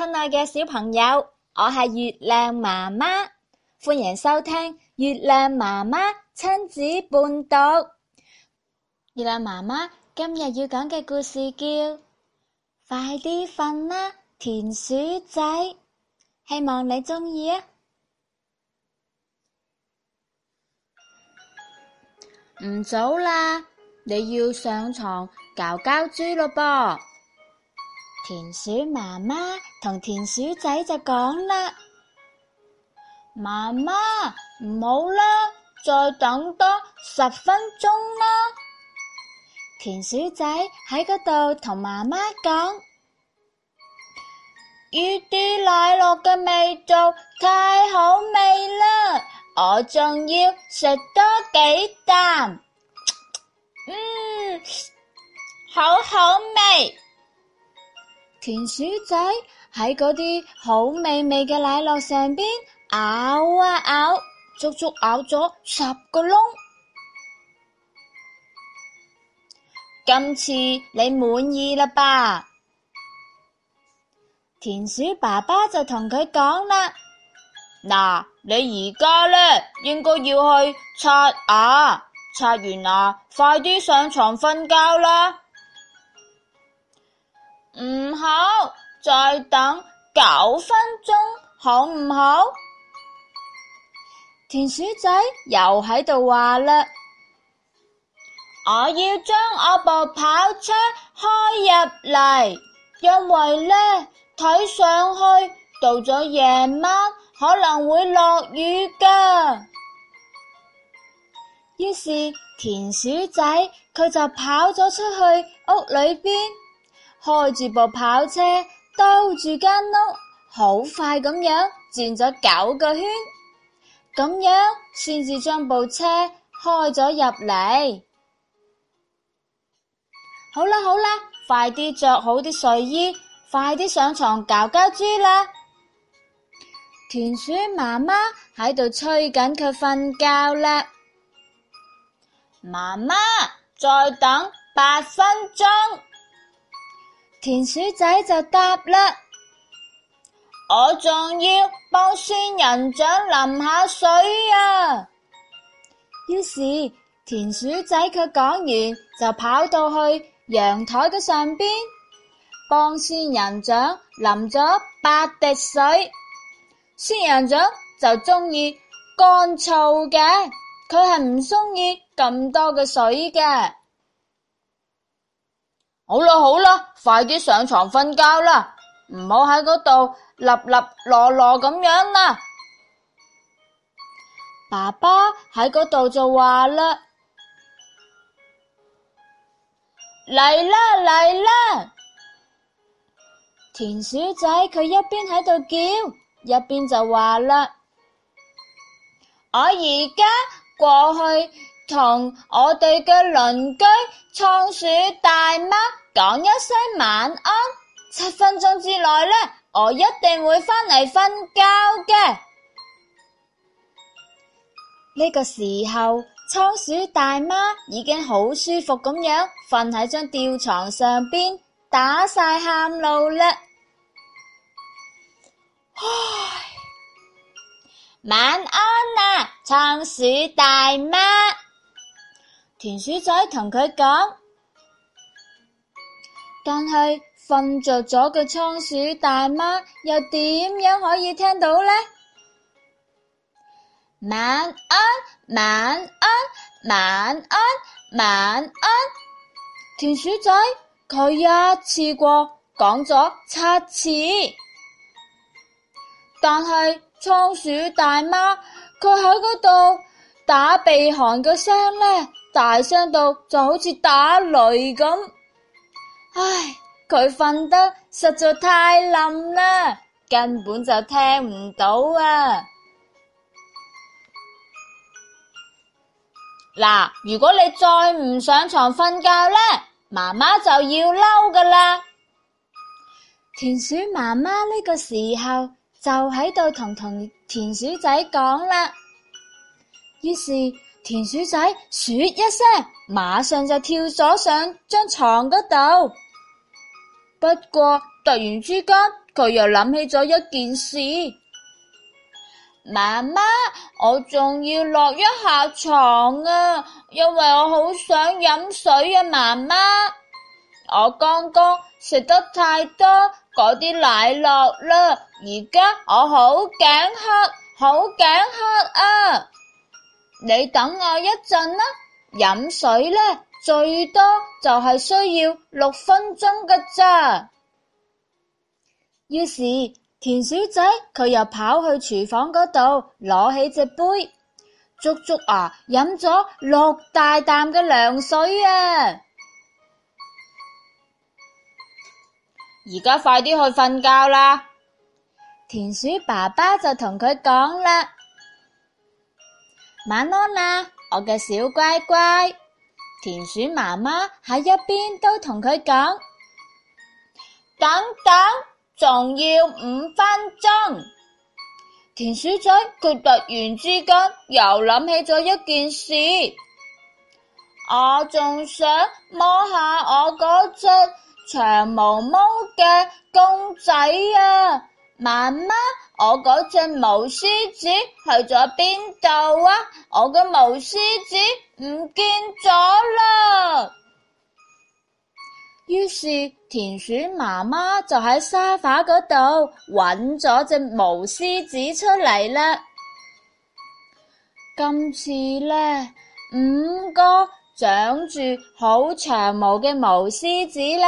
親愛嘅小朋友，我係月亮媽媽，歡迎收聽月亮媽媽親子伴讀。月亮媽媽今日要講嘅故事叫《快啲瞓啦，田鼠仔》，希望你鍾意啊！唔早啦，你要上床覺覺豬咯，啵！田鼠媽媽同田鼠仔就講啦：媽媽，唔好啦，再等多十分鐘啦。田鼠仔喺嗰度同媽媽講：呢啲奶酪嘅味道太好味啦，我仲要食多幾啖。嗯，好好味。田鼠仔喺嗰啲好美味嘅奶酪上邊咬啊咬，足足咬咗十個窿。今次你滿意啦吧？田鼠爸爸就同佢講啦：嗱、啊，你而家咧，應該要去刷牙、啊，刷完牙快啲上床瞓覺啦。唔好，再等九分鐘，好唔好？田鼠仔又喺度話啦，我要將我部跑車開入嚟，因為呢，睇上去到咗夜晚可能會落雨噶。於是田鼠仔佢就跑咗出去屋裏邊。開住部跑車，兜住間屋，好快咁樣轉咗九個圈，咁樣先至將部車開咗入嚟。好啦好啦，快啲着好啲睡衣，快啲上床覺覺豬啦！田鼠媽媽喺度催緊佢瞓覺啦，媽媽再等八分鐘。田鼠仔就答啦，我仲要幫仙人掌淋下水啊！於是田鼠仔佢講完就跑到去陽台嘅上邊，幫仙人掌淋咗八滴水。仙人掌就中意乾燥嘅，佢係唔中意咁多嘅水嘅。好啦好啦，快啲上床瞓覺啦，唔好喺嗰度立立羅羅咁樣啦。爸爸喺嗰度就話啦：嚟啦嚟啦！田鼠仔佢一邊喺度叫，一邊就話啦： 我而家過去。同我哋嘅鄰居倉鼠大媽講一聲晚安。七分鐘之內呢，我一定會翻嚟瞓覺嘅。呢個時候，倉鼠大媽已經好舒服咁樣瞓喺張吊床上邊，打晒喊路啦。唉，晚安啦，倉鼠大媽。田鼠仔同佢講，但係瞓着咗嘅倉鼠大媽又點樣可以聽到呢？晚安，晚安，晚安，晚安。田鼠仔，佢一次過講咗七次，但係倉鼠大媽，佢喺嗰度。打鼻鼾嘅聲呢，大聲到就好似打雷咁。唉，佢瞓得實在太冧啦，根本就聽唔到啊！嗱，如果你再唔上床瞓覺呢，媽媽就要嬲噶啦。田鼠媽媽呢個時候就喺度同同田鼠仔講啦。.於是田鼠仔說一聲，馬上就跳咗上張床嗰度。不過突然之間，佢又諗起咗一件事：媽媽，我仲要落一下床啊，因為我好想飲水啊。媽媽，我剛剛食得太多嗰啲奶酪啦，而家我好頸渴，好頸渴啊！你等我一陣啦，飲水呢，最多就係需要六分鐘嘅啫。於是田鼠仔佢又跑去廚房嗰度攞起隻杯，足足啊飲咗六大啖嘅涼水啊！而家快啲去瞓覺啦，田鼠爸爸就同佢講啦。晚安啦，我嘅小乖乖，田鼠媽媽喺一邊都同佢講，等等，仲要五分鐘。田鼠仔佢突然之間又諗起咗一件事，我仲想摸下我嗰隻長毛毛嘅公仔啊！媽媽，我嗰隻毛獅子去咗邊度啊？我嘅毛獅子唔見咗啦。於是田鼠媽媽就喺沙發嗰度揾咗隻毛獅子出嚟啦。今次呢，五個長住好長毛嘅毛獅子呢，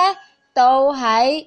都喺。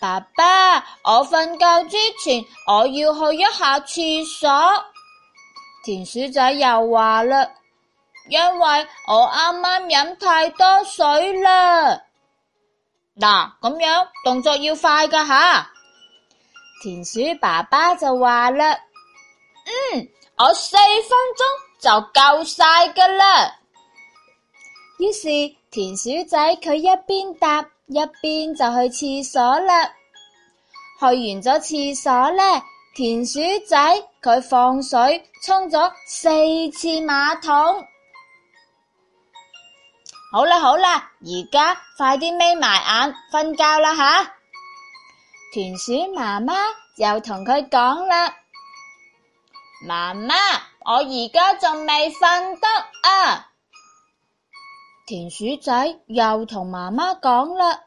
爸爸，我瞓覺之前我要去一下廁所。田鼠仔又話啦，因為我啱啱飲太多水啦。嗱，咁樣動作要快噶吓。田鼠爸爸就話啦，嗯，我四分鐘就夠晒噶啦。於是田鼠仔佢一邊答。一邊就去廁所啦，去完咗廁所呢，田鼠仔佢放水沖咗四次馬桶。 好啦好啦，而家快啲眯埋眼瞓覺啦吓！田鼠媽媽又同佢講啦：媽媽，我而家仲未瞓得啊！田鼠仔又同媽媽講啦：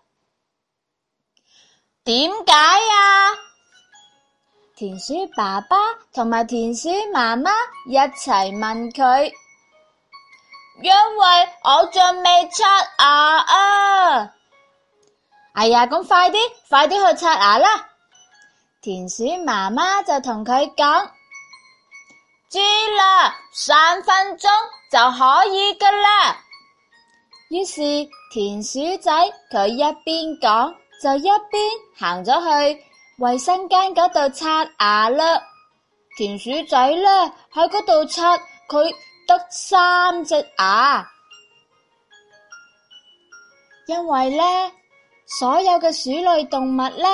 點解呀？田鼠爸爸同埋田鼠媽媽一齊問佢：因為我仲未刷牙啊！哎呀，咁快啲，快啲去刷牙啦！田鼠媽媽就同佢講：知啦，三分鐘就可以噶啦。於是田鼠仔佢一邊講就一邊行咗去衛生間嗰度刷牙嘞。田鼠仔咧喺嗰度刷，佢得三隻牙，因為咧所有嘅鼠類動物咧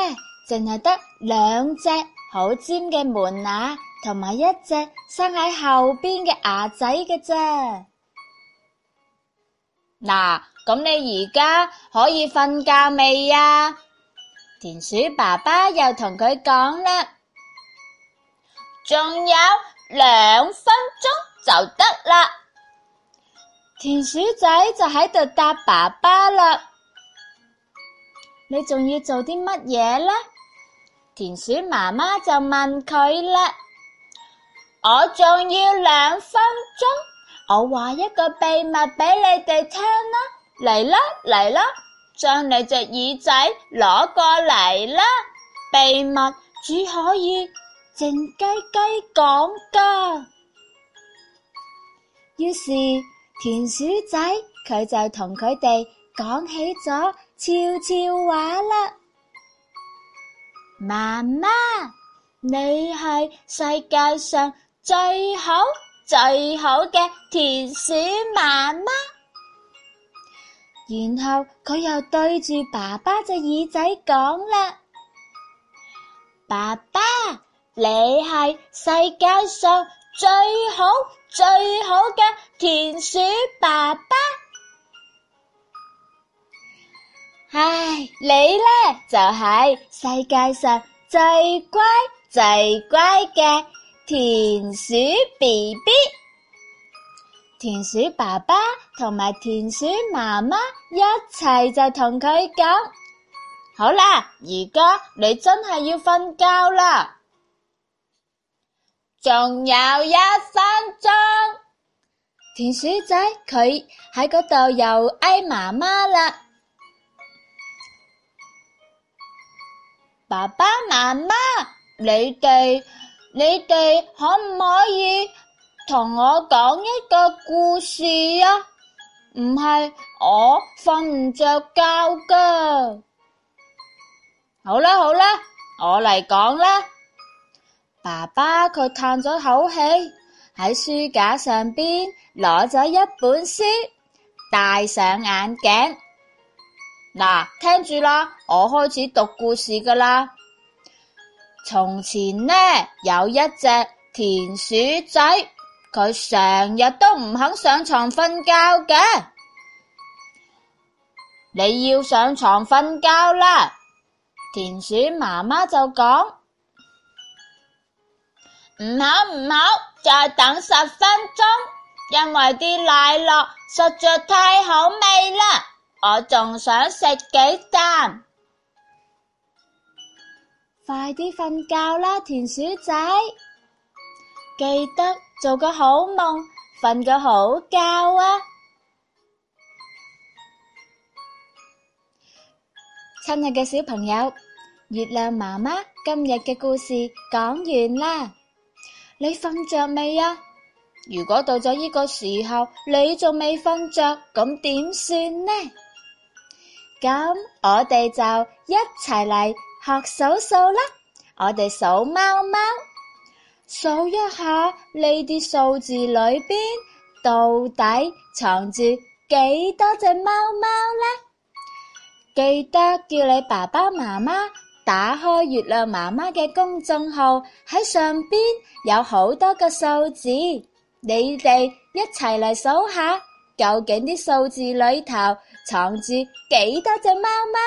淨係得兩隻好尖嘅門牙同埋一隻生喺後邊嘅牙仔嘅啫。嗱，咁你而家可以瞓覺未呀？田鼠爸爸又同佢講啦，仲有兩分鐘就得啦。田鼠仔就喺度答爸爸啦。你仲要做啲乜嘢呢？田鼠媽媽就問佢啦，我仲要兩分鐘。我話一個秘密俾你哋聽啦，嚟啦嚟啦，將你隻耳仔攞過嚟啦。秘密只可以靜雞雞講㗎。於是田鼠仔佢就同佢哋講起咗悄悄話啦。媽媽，你係世界上最好最好嘅田鼠媽媽，然後佢又對住爸爸隻耳仔講啦：爸爸，你係世界上最好最好嘅田鼠爸爸。唉，你咧就係世界上最乖最乖嘅。田鼠 B B，田鼠爸爸同埋田鼠媽媽一齊就同佢講：好啦，而家你真係要瞓覺啦，仲有一分鐘。田鼠仔佢喺嗰度又嗌媽媽啦，爸爸媽媽，你哋。你哋可唔可以同我講一個故事啊？唔係我瞓唔着覺噶。好啦好啦，我嚟講啦。爸爸佢嘆咗口氣，喺書架上邊攞咗一本書，戴上眼鏡。嗱，聽住啦，我開始讀故事噶啦。從前呢，有一隻田鼠仔，佢成日都唔肯上床瞓覺嘅。你要上床瞓覺啦，田鼠媽媽就講：唔好唔好，再等十分鐘，因為啲奶酪實在太好味啦，我仲想食幾啖。快啲瞓覺啦，田鼠仔！記得做個好夢，瞓個好覺啊！親愛嘅小朋友，月亮媽媽今日嘅故事講完啦。你瞓着未啊？如果到咗呢個時候你仲未瞓着，咁點算呢？咁我哋就一齊嚟。學數數啦，我哋數貓貓，數一下呢啲數字裏邊到底藏住幾多隻貓貓啦？記得叫你爸爸媽媽打開月亮媽媽嘅公眾號，喺上邊有好多個數字，你哋一齊嚟數下，究竟啲數字裏頭藏住幾多隻貓貓？